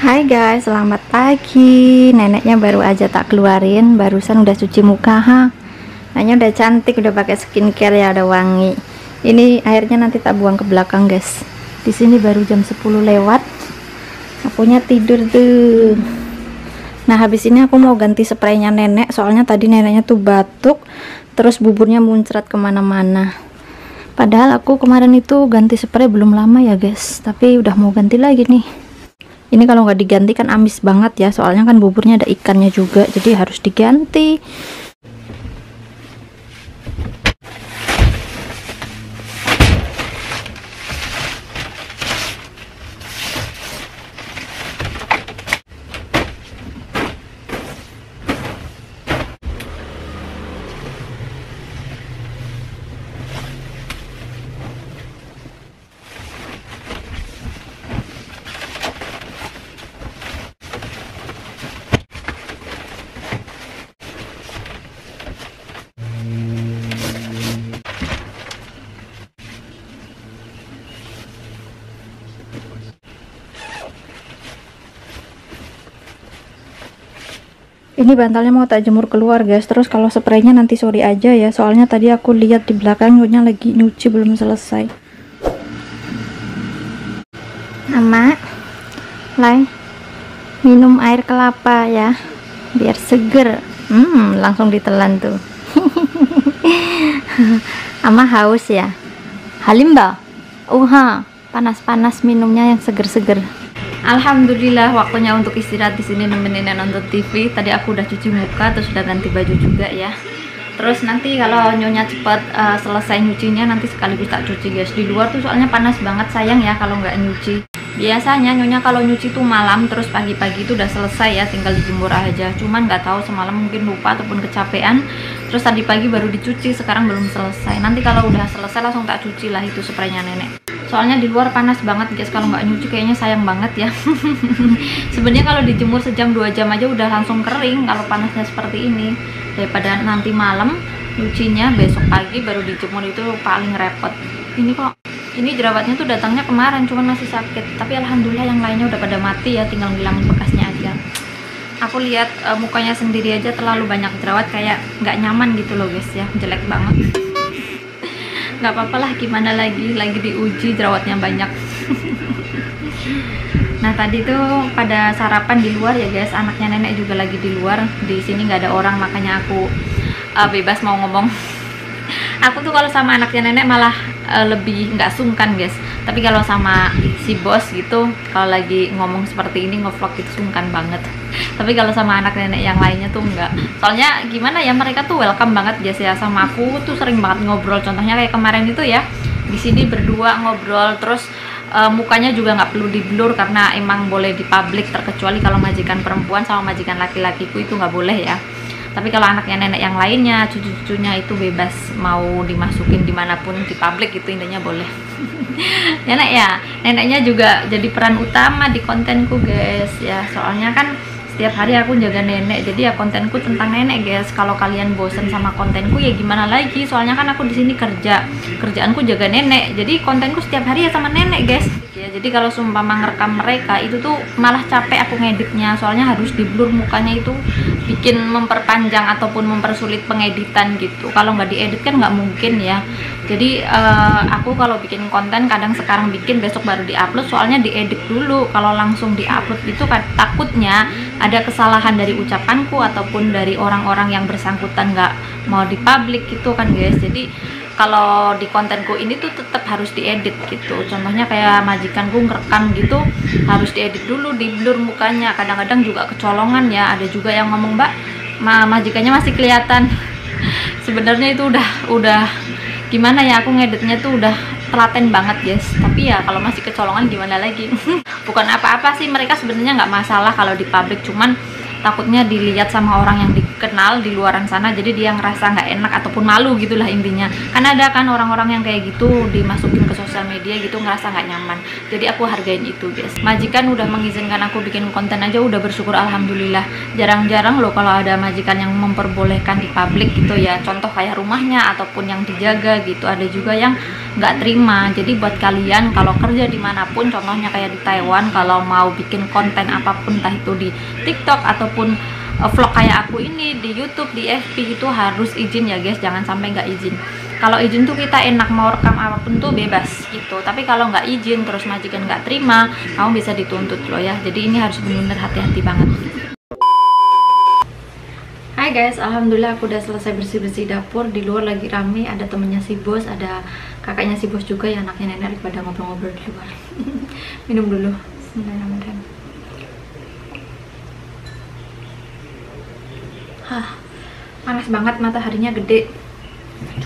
Hai guys, selamat pagi. Neneknya baru aja tak keluarin, barusan udah cuci muka ha. Nanya udah cantik, udah pakai skincare ya, ada wangi. Ini airnya nanti tak buang ke belakang, guys. Di sini baru jam 10 lewat. Aku Akunya tidur tuh. Nah, habis ini aku mau ganti spraynya nenek, soalnya tadi neneknya tuh batuk, terus buburnya muncrat kemana-mana. Padahal aku kemarin itu ganti spray belum lama ya, guys. Tapi udah mau ganti lagi nih ini kalau nggak diganti kan amis banget ya soalnya kan buburnya ada ikannya juga jadi harus diganti ini bantalnya mau tak jemur keluar guys terus kalau spraynya nanti sore aja ya soalnya tadi aku lihat di belakang nyonya lagi nyuci belum selesai sama lain minum air kelapa ya biar seger hmm langsung ditelan tuh ama haus ya halimba uha panas-panas minumnya yang seger-seger Alhamdulillah waktunya untuk istirahat di sini nemenin nonton TV. Tadi aku udah cuci muka terus udah ganti baju juga ya. Terus nanti kalau nyonya cepat uh, selesai nyucinya nanti sekaligus tak cuci guys. Di luar tuh soalnya panas banget sayang ya kalau nggak nyuci. Biasanya nyonya kalau nyuci tuh malam terus pagi-pagi itu udah selesai ya tinggal dijemur aja. Cuman nggak tahu semalam mungkin lupa ataupun kecapean. Terus tadi pagi baru dicuci sekarang belum selesai. Nanti kalau udah selesai langsung tak cuci lah itu spraynya nenek soalnya di luar panas banget guys kalau nggak nyuci kayaknya sayang banget ya sebenarnya kalau dijemur sejam dua jam aja udah langsung kering kalau panasnya seperti ini daripada nanti malam nyucinya besok pagi baru dijemur itu paling repot ini kok ini jerawatnya tuh datangnya kemarin cuman masih sakit tapi alhamdulillah yang lainnya udah pada mati ya tinggal bilang bekasnya aja aku lihat uh, mukanya sendiri aja terlalu banyak jerawat kayak nggak nyaman gitu loh guys ya jelek banget nggak apa-apa lah gimana lagi lagi diuji jerawatnya banyak nah tadi tuh pada sarapan di luar ya guys anaknya nenek juga lagi di luar di sini nggak ada orang makanya aku uh, bebas mau ngomong aku tuh kalau sama anaknya nenek malah uh, lebih nggak sungkan guys tapi kalau sama si bos gitu kalau lagi ngomong seperti ini ngevlog itu sungkan banget tapi kalau sama anak nenek yang lainnya tuh enggak soalnya gimana ya mereka tuh welcome banget biasanya sama aku tuh sering banget ngobrol contohnya kayak kemarin itu ya di sini berdua ngobrol terus e, mukanya juga nggak perlu diblur karena emang boleh di publik terkecuali kalau majikan perempuan sama majikan laki-lakiku itu nggak boleh ya tapi kalau anaknya nenek yang lainnya cucu-cucunya itu bebas mau dimasukin dimanapun di publik itu intinya boleh ya, nenek ya neneknya juga jadi peran utama di kontenku guys ya soalnya kan setiap hari aku jaga nenek jadi ya kontenku tentang nenek guys kalau kalian bosen sama kontenku ya gimana lagi soalnya kan aku di sini kerja kerjaanku jaga nenek jadi kontenku setiap hari ya sama nenek guys ya jadi kalau sumpah ngerekam mereka itu tuh malah capek aku ngeditnya soalnya harus diblur mukanya itu bikin memperpanjang ataupun mempersulit pengeditan gitu kalau nggak diedit kan nggak mungkin ya jadi uh, aku kalau bikin konten kadang sekarang bikin besok baru diupload soalnya diedit dulu kalau langsung diupload itu kan takutnya ada kesalahan dari ucapanku ataupun dari orang-orang yang bersangkutan nggak mau dipublik gitu kan guys jadi kalau di kontenku ini tuh tetap harus diedit gitu contohnya kayak majikanku ngerekam gitu harus diedit dulu di blur mukanya kadang-kadang juga kecolongan ya ada juga yang ngomong mbak ma majikannya masih kelihatan sebenarnya itu udah udah gimana ya aku ngeditnya tuh udah telaten banget guys tapi ya kalau masih kecolongan gimana lagi bukan apa-apa sih mereka sebenarnya nggak masalah kalau di pabrik cuman takutnya dilihat sama orang yang dikenal di luaran sana jadi dia ngerasa nggak enak ataupun malu gitulah intinya karena ada kan orang-orang yang kayak gitu dimasukin ke sosial media gitu ngerasa nggak nyaman jadi aku hargain itu guys majikan udah mengizinkan aku bikin konten aja udah bersyukur alhamdulillah jarang-jarang loh kalau ada majikan yang memperbolehkan di publik gitu ya contoh kayak rumahnya ataupun yang dijaga gitu ada juga yang nggak terima jadi buat kalian kalau kerja dimanapun contohnya kayak di Taiwan kalau mau bikin konten apapun entah itu di TikTok ataupun eh, vlog kayak aku ini di YouTube di FB itu harus izin ya guys jangan sampai nggak izin kalau izin tuh kita enak mau rekam apapun tuh bebas gitu tapi kalau nggak izin terus majikan nggak terima kamu bisa dituntut loh ya jadi ini harus benar-benar hati-hati banget Hai guys, Alhamdulillah aku udah selesai bersih-bersih dapur Di luar lagi rame, ada temennya si bos Ada kakaknya si bos juga yang Anaknya nenek pada ngobrol-ngobrol di luar Minum dulu Bismillahirrahmanirrahim Hah, panas banget mataharinya gede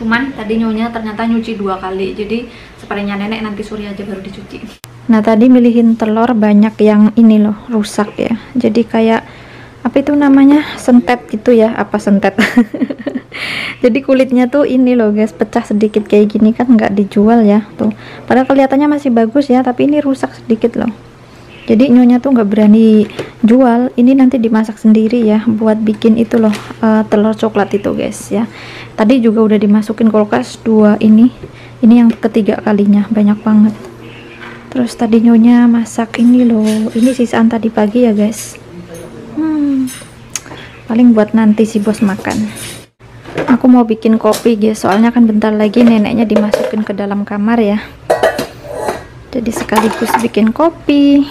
Cuman tadi nyonya ternyata nyuci dua kali Jadi sepertinya nenek nanti sore aja baru dicuci Nah tadi milihin telur banyak yang ini loh rusak ya Jadi kayak apa itu namanya sentet gitu ya apa sentet jadi kulitnya tuh ini loh guys pecah sedikit kayak gini kan nggak dijual ya tuh padahal kelihatannya masih bagus ya tapi ini rusak sedikit loh jadi nyonya tuh nggak berani jual ini nanti dimasak sendiri ya buat bikin itu loh uh, telur coklat itu guys ya tadi juga udah dimasukin kulkas dua ini ini yang ketiga kalinya banyak banget terus tadi nyonya masak ini loh ini sisaan tadi pagi ya guys paling buat nanti si bos makan aku mau bikin kopi guys soalnya kan bentar lagi neneknya dimasukin ke dalam kamar ya jadi sekaligus bikin kopi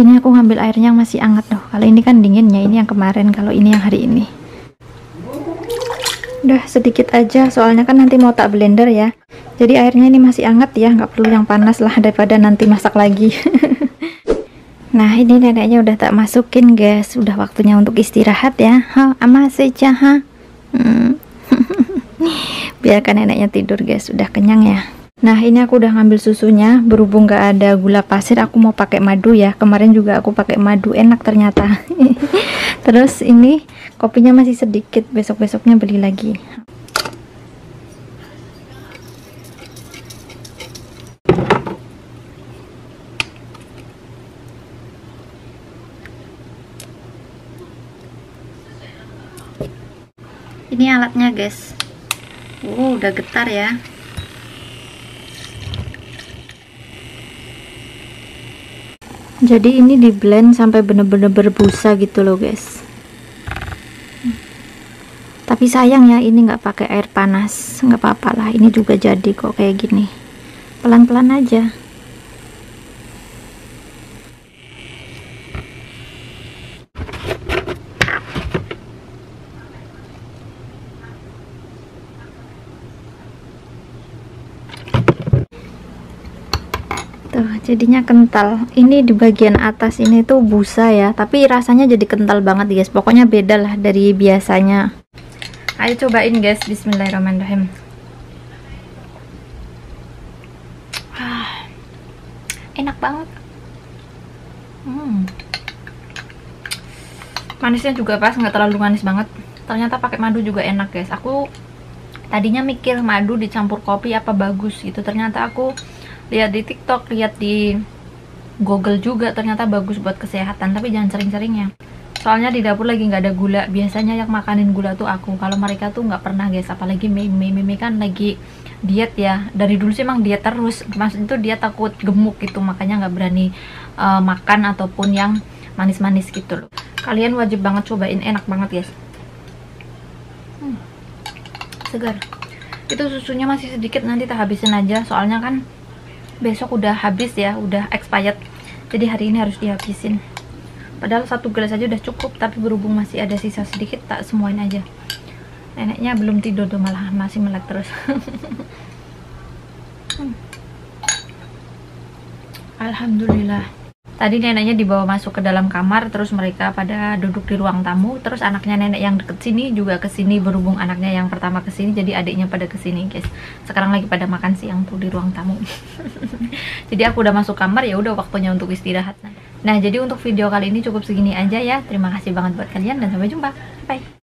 ini aku ngambil airnya yang masih hangat loh kalau ini kan dinginnya ini yang kemarin kalau ini yang hari ini udah sedikit aja soalnya kan nanti mau tak blender ya jadi airnya ini masih hangat ya nggak perlu yang panas lah daripada nanti masak lagi Nah ini neneknya udah tak masukin guys Udah waktunya untuk istirahat ya ha, Masih jaha hmm. Biarkan neneknya tidur guys Udah kenyang ya Nah ini aku udah ngambil susunya Berhubung gak ada gula pasir Aku mau pakai madu ya Kemarin juga aku pakai madu enak ternyata Terus ini kopinya masih sedikit Besok-besoknya beli lagi ini alatnya guys wow uh, udah getar ya jadi ini di blend sampai bener-bener berbusa gitu loh guys tapi sayang ya ini nggak pakai air panas nggak apa-apalah ini juga jadi kok kayak gini pelan-pelan aja tuh eh, jadinya kental ini di bagian atas ini tuh busa ya tapi rasanya jadi kental banget guys pokoknya beda lah dari biasanya ayo cobain guys bismillahirrahmanirrahim ah, enak banget hmm. manisnya juga pas nggak terlalu manis banget ternyata pakai madu juga enak guys aku tadinya mikir madu dicampur kopi apa bagus gitu ternyata aku lihat di TikTok lihat di Google juga ternyata bagus buat kesehatan tapi jangan sering-sering ya soalnya di dapur lagi nggak ada gula biasanya yang makanin gula tuh aku kalau mereka tuh nggak pernah guys apalagi meme meme kan lagi diet ya dari dulu sih emang diet terus mas itu dia takut gemuk gitu makanya nggak berani uh, makan ataupun yang manis-manis gitu loh kalian wajib banget cobain enak banget guys hmm, segar itu susunya masih sedikit nanti tak habisin aja soalnya kan besok udah habis ya udah expired jadi hari ini harus dihabisin padahal satu gelas aja udah cukup tapi berhubung masih ada sisa sedikit tak semuain aja neneknya belum tidur tuh malah masih melek terus hmm. Alhamdulillah tadi neneknya dibawa masuk ke dalam kamar terus mereka pada duduk di ruang tamu terus anaknya nenek yang deket sini juga ke sini berhubung anaknya yang pertama ke sini jadi adiknya pada ke sini guys sekarang lagi pada makan siang tuh di ruang tamu jadi aku udah masuk kamar ya udah waktunya untuk istirahat nah jadi untuk video kali ini cukup segini aja ya terima kasih banget buat kalian dan sampai jumpa bye